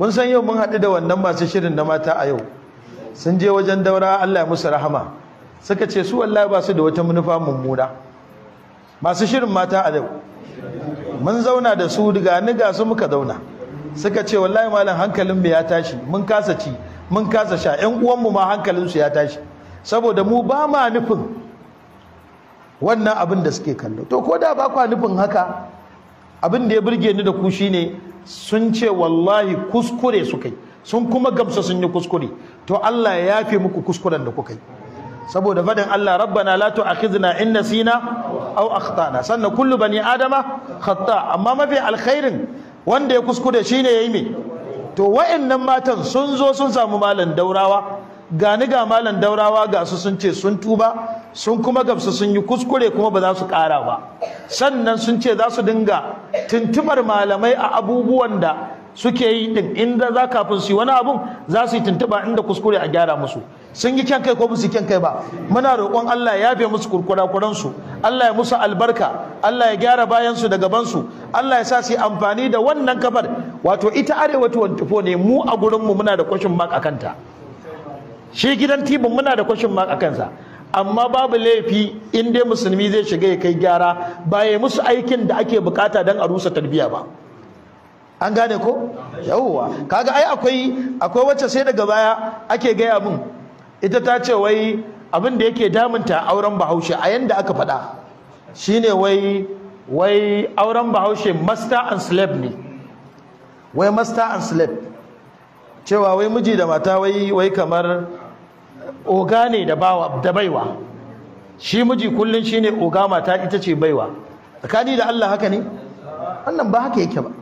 kun san yau mun haɗu da wannan masu shirin na mata a yau sun je wajen daura Allah ya musu rahama suka ce su wallahi ba su da wata manufa mummuna masu shirin mata a yau mun zauna da su daga ni ga su muka zauna suka ce wallahi malam hankalin mu ya tashi mun kasa ci mun kasa sha ƴan mu ma hankalin su ya tashi saboda mu ba ma nufin wannan abin da suke kallo to ko da ba kwa nufin haka abin da ya burge ni da ku shine sun ce wallahi kuskure suka yi sun kuma gamsa sun yi kuskure to Allah ya yafe muku kuskuren da kuka yi saboda fadin Allah rabbana la tu'akhidna in nasina aw akhtana sannan kullu bani adama khata amma mafi alkhairin wanda ya kuskure shine yayi me to wayannan matan sun zo sun samu malam daurawa gani ga malam daurawa ga su sun ce sun tuba sun kuma gamsa sun yi kuskure kuma ba za su kara ba sannan sun ce za su dinga tuntubar malamai a abubuwan da suke yi din inda za kafin su yi wani abun za su yi tuntuba inda kuskure a gyara musu sun yi kyan kai ko musu kyan kai ba muna roƙon Allah ya yafe musu kurkurakuran su Allah ya musu albarka Allah ya gyara bayansu su da gaban Allah ya sa su yi amfani da wannan kafar wato ita arewa wantufo ne mu a gurin mu muna da kwashin mark akanta shi gidan tibin muna da kwashin mark akansa amma babu laifi in dai musulmi zai shiga ya kai gyara ba ya musu aikin da ake bukata don a rusa tarbiyya ba an gane ko yauwa kaga ai akwai akwai wacce sai daga baya ake gaya mun ita ta ce wai abin da yake damunta auren bahaushe a yanda aka faɗa shine wai wai auren bahaushe master and slave ne wai master and slave cewa wai miji da mata wai kamar oga ne da bawa da baiwa shi miji kullun shine oga mata ita ce baiwa tsakani da Allah haka ne wannan ba haka yake ba